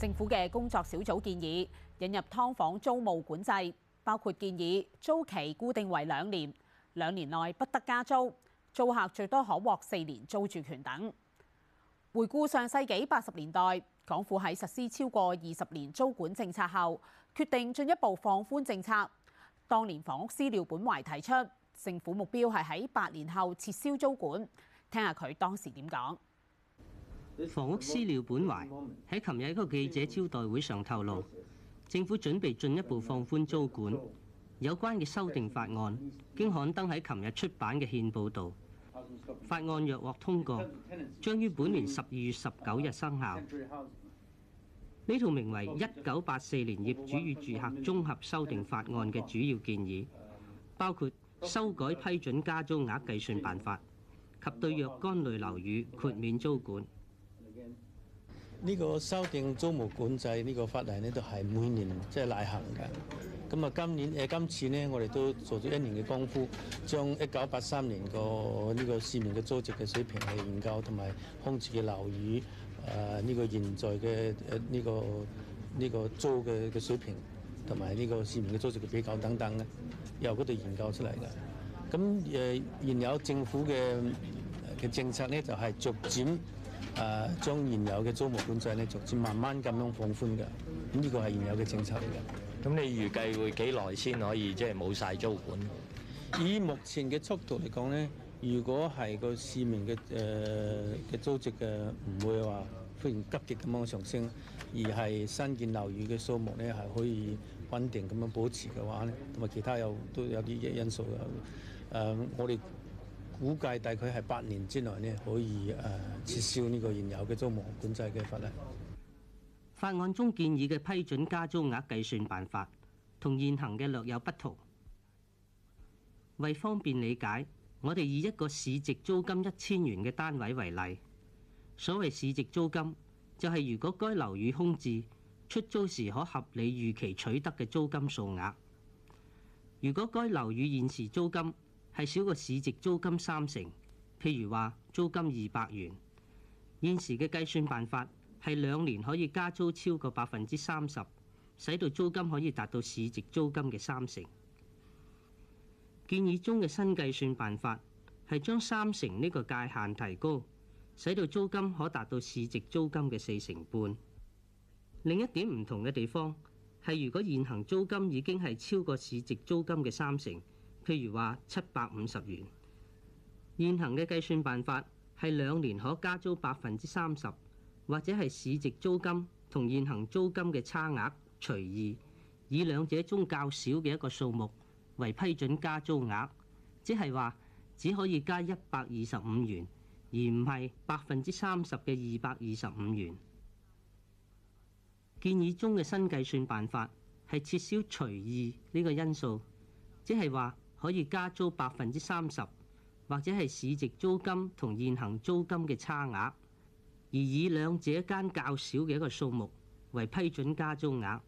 政府嘅工作小組建議引入劏房租務管制，包括建議租期固定為兩年，兩年內不得加租，租客最多可獲四年租住權等。回顧上世紀八十年代，港府喺實施超過二十年租管政策後，決定進一步放寬政策。當年房屋司廖本懷提出，政府目標係喺八年後撤銷租管。聽下佢當時點講。房屋司廖本懷喺琴日喺一個記者招待會上透露，政府準備進一步放寬租管有關嘅修訂法案，經刊登喺琴日出版嘅憲報度。法案若獲通過，將於本年十二月十九日生效。呢套名為《一九八四年業主與住客綜合修訂法案》嘅主要建議，包括修改批准加租額計算辦法，及對若干類樓宇豁免租管。呢個修訂租務管制呢個法例呢，都係每年即係例行嘅。咁啊，今年誒今次呢，我哋都做咗一年嘅功夫，將一九八三年個呢個市民嘅租值嘅水平嚟研究，同埋空置嘅樓宇誒呢、呃呢個現在嘅誒呢個呢、呢個租嘅嘅水平，同埋呢個市民嘅租值嘅比較等等咧，由嗰度研究出嚟嘅。咁誒現有政府嘅嘅、呃、政策咧，就係、係、逐漸。誒、啊、將現有嘅租務管制咧，逐漸慢慢咁樣放寬嘅，咁呢個係現有嘅政策嚟嘅。咁你預計會幾耐先可以即係冇晒租管？以目前嘅速度嚟講咧，如果係個市民嘅誒嘅租值嘅唔會話忽然急劇咁樣上升，而係新建樓宇嘅數目咧係可以穩定咁樣保持嘅話咧，同埋其他有都有啲因素嘅。誒、呃，我哋。估計大概係八年之內咧，可以誒撤銷呢個現有嘅租務管制嘅法例。法案中建議嘅批准加租額計算辦法，同現行嘅略有不同。為方便理解，我哋以一個市值租金一千元嘅單位為例。所謂市值租金，就係如果該樓宇空置出租時可合理預期取得嘅租金數額。如果該樓宇現時租金係少過市值租金三成，譬如話租金二百元。現時嘅計算辦法係兩年可以加租超過百分之三十，使到租金可以達到市值租金嘅三成。建議中嘅新計算辦法係將三成呢個界限提高，使到租金可達到市值租金嘅四成半。另一點唔同嘅地方係，如果現行租金已經係超過市值租金嘅三成。譬如話七百五十元，現行嘅計算辦法係兩年可加租百分之三十，或者係市值租金同現行租金嘅差額除二，以兩者中較少嘅一個數目為批准加租額，即係話只可以加一百二十五元而，而唔係百分之三十嘅二百二十五元。建議中嘅新計算辦法係撤銷除二呢個因素，即係話。可以加租百分之三十，或者係市值租金同現行租金嘅差額，而以兩者間較少嘅一個數目為批准加租額。